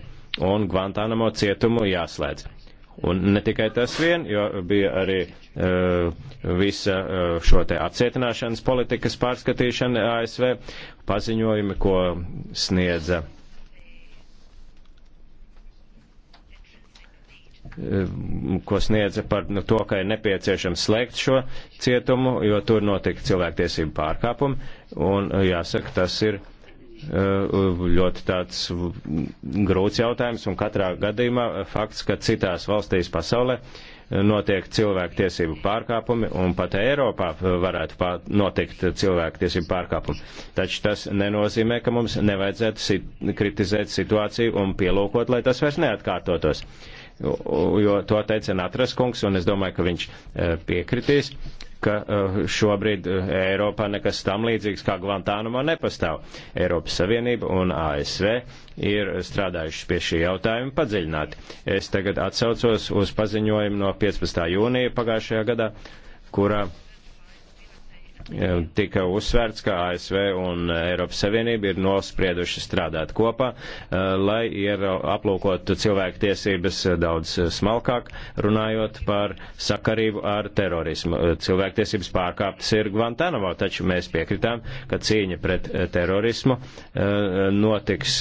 un Guantanamo cietumu jāslēdz Un ne tikai tas vien, jo bija arī uh, visa uh, šo te apcietināšanas politikas pārskatīšana ASV paziņojumi, ko sniedza eh, ko sniedza par nu, to, ka ir nepieciešams slēgt šo cietumu, jo tur notika cilvēktiesību pārkāpumi, un jāsaka, tas ir uh, Uh, ļoti tāds grūts jautājums, un katrā gadījumā fakts, ka citās valstīs pasaulē uh, notiek cilvēktiesību pārkāpumi, un pat Eiropā uh, varētu notikt cilvēktiesību pārkāpumi. Taču tas nenozīmē, ka mums nevajadzētu sit kritizēt situāciju un pielūkot, lai tas vairs neatkārtotos. Jo to teica Natras kungs, un es domāju, ka viņš piekritīs ka eh, šobrīd eh, Eiropā nekas tam līdzīgs kā Guantānumā nepastāv. Eiropas Savienība un ASV ir strādājuši pie šī jautājuma padziļināti. Es tagad atsaucos uz paziņojumu no 15. jūnija pagājušajā gadā, kurā tika uzsvērts, ka ASV un Eiropas Savienība ir nosprieduši strādāt kopā, eh, lai ir aplūkot cilvēku tiesības daudz smalkāk, runājot par sakarību ar terorismu. Cilvēktiesības pārkāptas ir Guantanamo, taču mēs piekritām, ka cīņa pret eh, terorismu eh, notiks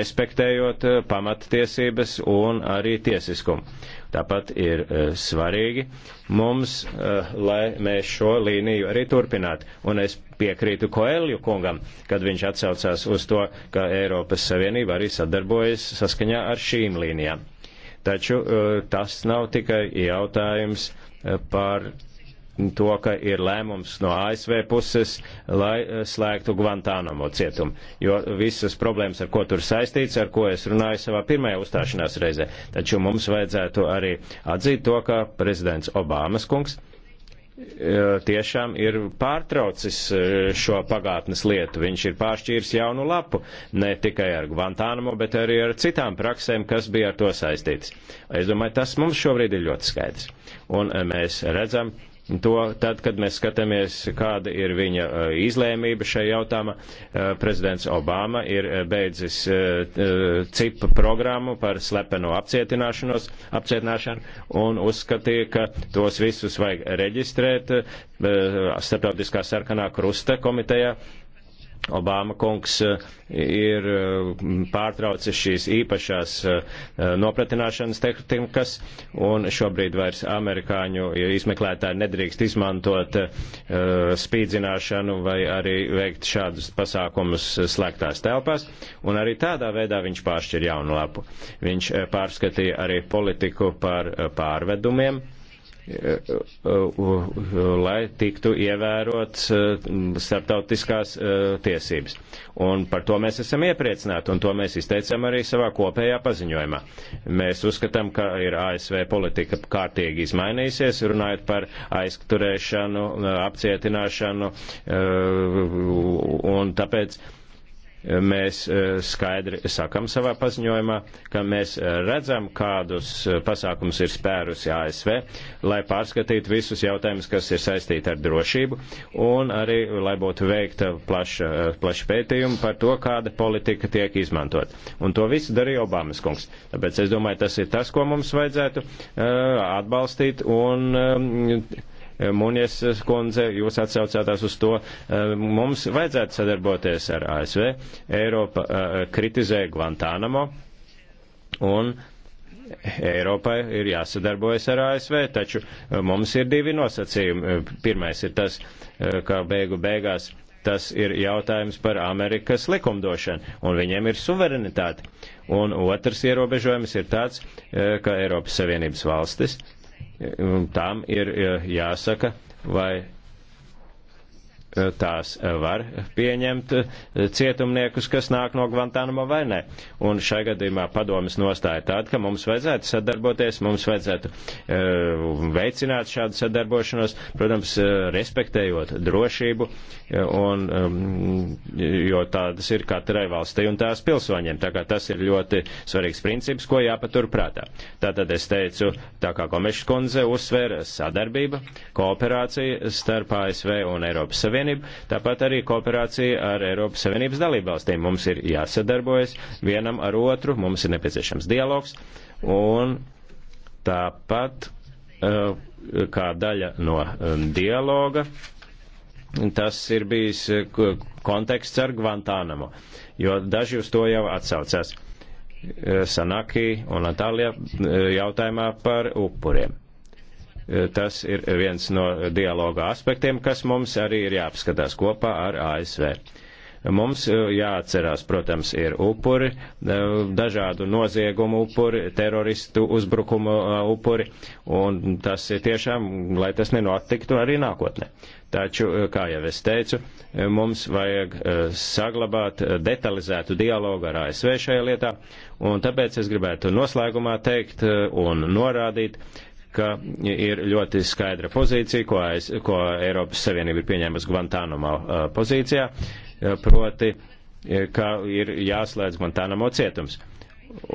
respektējot pamattiesības un arī tiesiskumu Tāpat ir eh, svarīgi mums, eh, lai mēs šo līniju arī turpinātu. Un es piekrītu Koelju kungam, kad viņš atsaucās uz to, ka Eiropas Savienība arī sadarbojas saskaņā ar šīm līnijām. Taču eh, tas nav tikai jautājums par to, ka ir lēmums no ASV puses, lai eh, slēgtu Guantānamo cietumu. Jo visas problēmas, ar ko tur saistīts, ar ko es runāju savā pirmajā uzstāšanās reizē. Taču mums vajadzētu arī atzīt to, ka prezidents Obamas kungs eh, tiešām ir pārtraucis eh, šo pagātnes lietu. Viņš ir pāršķīris jaunu lapu, ne tikai ar Guantānamo, bet arī ar citām praksēm, kas bija ar to saistītas. Es domāju, tas mums šobrīd ir ļoti skaidrs. Un mēs redzam, uh, to, tad, kad mēs skatāmies, kāda ir viņa eh, izlēmība šajā jautājumā, eh, prezidents Obama ir eh, beidzis cipa programmu par slepeno apcietināšanos, apcietināšanu un uzskatīja, ka tos visus vajag reģistrēt starptautiskā sarkanā krusta komitejā Obama kungs eh, ir eh, pārtraucis šīs īpašās eh, nopratināšanas tehnikas, un šobrīd vairs amerikāņu izmeklētāji nedrīkst izmantot spīdzināšanu vai arī veikt šādus pasākumus slēgtās telpās, un arī tādā veidā viņš pāršķir jaunu lapu. Viņš pārskatīja arī politiku par pārvedumiem lai tiktu ievērots eh, starptautiskās eh, tiesības. Un par to mēs esam iepriecināti, un to mēs izteicam arī savā kopējā paziņojumā. Mēs uzskatām, ka ir ASV politika kārtīgi izmainījusies, runājot par aizturēšanu, eh, apcietināšanu, un tāpēc mēs e, skaidri sakam savā paziņojumā, ka mēs e, redzam, kādus e, pasākums ir spērusi ASV, lai pārskatītu visus jautājumus, kas ir saistīti ar drošību, un arī, lai būtu veikta plaša, plaša pētījuma par to, kāda politika tiek izmantot. Un to visu darīja Obamas kungs. Tāpēc es domāju, tas ir tas, ko mums vajadzētu uh, atbalstīt un uh, Muņies kundze, jūs atsaucātās uz to, ehm, mums vajadzētu sadarboties ar ASV. Eiropa eh, kritizē Guantānamo un Eiropai ir jāsadarbojas ar ASV, taču eh, mums ir divi nosacījumi. Ehm, pirmais ir tas, eh, ka beigu beigās tas ir jautājums par Amerikas likumdošanu, un viņiem ir suverenitāte. Un otrs ierobežojums ir tāds, ka Eiropas Savienības valstis Un tām ir eh, jāsaka, vai Eh, tās eh, var pieņemt eh, cietumniekus, kas nāk no Guantanamo vai nē. Un šai gadījumā padomas nostāja tāda, ka mums vajadzētu sadarboties, mums vajadzētu uh, veicināt šādu sadarbošanos, protams, uh, respektējot drošību, un, um, jo tādas ir katrai valstī un tās pilsoņiem. Tā kā tas ir ļoti svarīgs princips, ko jāpatur prātā. Tātad es teicu, tā kā Komešs kundze uzsvēra sadarbība, kooperācija starp ASV un Eiropas Savienību, Savienību, tāpat arī kooperācija ar Eiropas Savienības dalībvalstīm. Mums ir jāsadarbojas vienam ar otru, mums ir nepieciešams dialogs un tāpat eh, kā daļa no eh, dialoga. Tas ir bijis eh, konteksts ar Guantānamo, jo daži uz to jau atsaucās. Sanaki un Natālija jautājumā par upuriem. Tas ir viens no dialoga aspektiem, kas mums arī ir jāapskatās kopā ar ASV. Mums eh, jāatcerās, protams, ir upuri, eh, dažādu noziegumu upuri, teroristu uzbrukumu eh, upuri, un tas ir tiešām, lai tas nenotiktu arī nākotnē. Taču, kā jau es teicu, mums vajag saglabāt detalizētu dialogu ar ASV šajā lietā, un tāpēc es gribētu noslēgumā teikt un norādīt, ka ir ļoti skaidra pozīcija, ko, aiz, ko Eiropas Savienība ir pieņēmusi Guantanamo uh, pozīcijā, uh, proti, uh, ka ir jāslēdz Guantanamo cietums.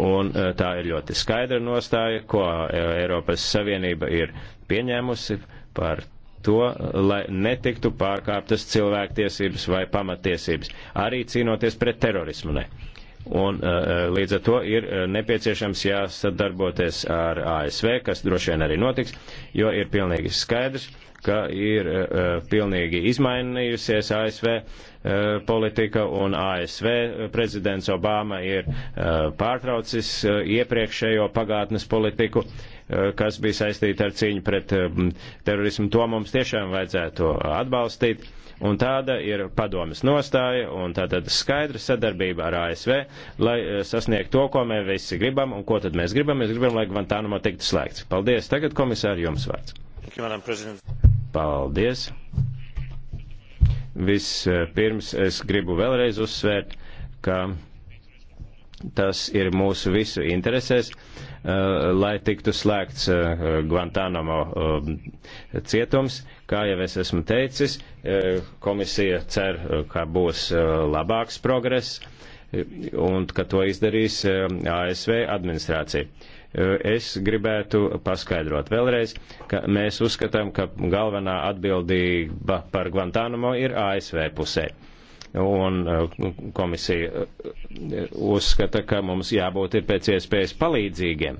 Un tā ir ļoti skaidra nostāja, ko Eiropas Savienība ir pieņēmusi par to, lai netiktu pārkāptas cilvēktiesības vai pamatiesības, arī cīnoties pret terorismu. Ne. Un uh, uh, līdz ar to ir uh, nepieciešams jāsadarboties ar ASV, kas droši vien arī notiks, jo ir pilnīgi skaidrs, ka ir pilnīgi izmainījusies ASV politika un ASV prezidents Obama ir pārtraucis iepriekšējo pagātnes politiku, kas bija saistīta ar cīņu pret um, terorismu. To mums tiešām vajadzētu atbalstīt Un tāda ir padomas nostāja un tātad skaidra sadarbība ar ASV, lai eh, sasniegtu to, ko mēs visi gribam un ko tad mēs gribam. Mēs gribam, lai Guantanamo tiktu slēgts. Paldies. Tagad komisāri jums vārds. Paldies. Vispirms es gribu vēlreiz uzsvērt, ka Tas ir mūsu visu interesēs, eh, lai tiktu slēgts eh, Guantanamo eh, cietums. Kā jau es esmu teicis, komisija cer, ka būs labāks progress un ka to izdarīs ASV administrācija. Es gribētu paskaidrot vēlreiz, ka mēs uzskatām, ka galvenā atbildība par Guantanamo ir ASV pusē un uh, komisija uh, uzskata, ka mums jābūt ir pēc iespējas palīdzīgiem.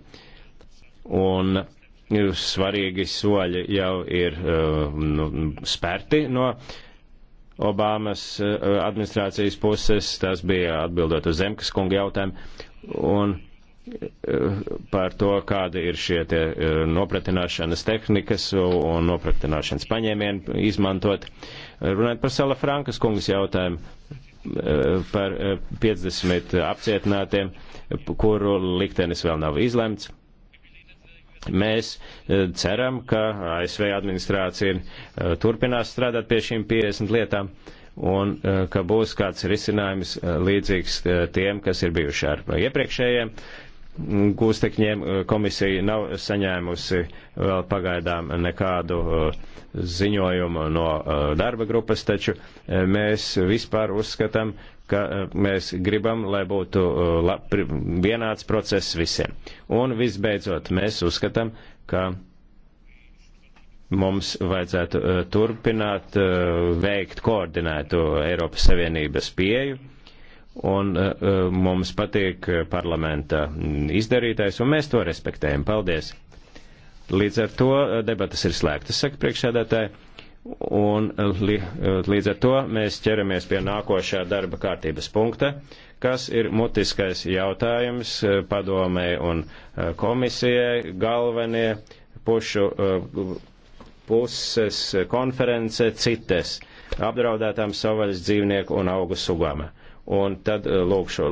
Un uh, svarīgi soļi jau ir nu, spērti no Obamas administrācijas puses, tas bija atbildot uz Zemkas kunga jautājumu. Un par to, kāda ir šie te e, nopratināšanas tehnikas un nopratināšanas paņēmieni izmantot. Runājot par Sala Frankas kungas jautājumu e, par 50 e, apcietinātiem, kuru liktenis vēl nav izlemts. Mēs ceram, ka ASV administrācija turpinās strādāt pie šīm 50 lietām un ka būs kāds risinājums līdzīgs tiem, kas ir bijuši ar iepriekšējiem gūstekņiem eh, komisija nav saņēmusi vēl pagaidām nekādu eh, ziņojumu no eh, darba grupas, taču mēs vispār uzskatām, ka mēs gribam, lai būtu vienāds process visiem. Un visbeidzot, mēs uzskatām, ka mums vajadzētu turpināt veikt koordinētu Eiropas Savienības pieju un eh, eh, mums patīk eh, parlamenta izdarītais, un mēs to respektējam. Paldies! Līdz ar to debatas ir slēgtas, saka priekšsēdētāji, un li, līdz ar to mēs ķeramies pie nākošā darba kārtības punkta, kas ir mutiskais jautājums padomē un komisijai galvenie pušu puses konference cites apdraudētām savvaļas dzīvnieku un augu sugām un tad eh, lūk šo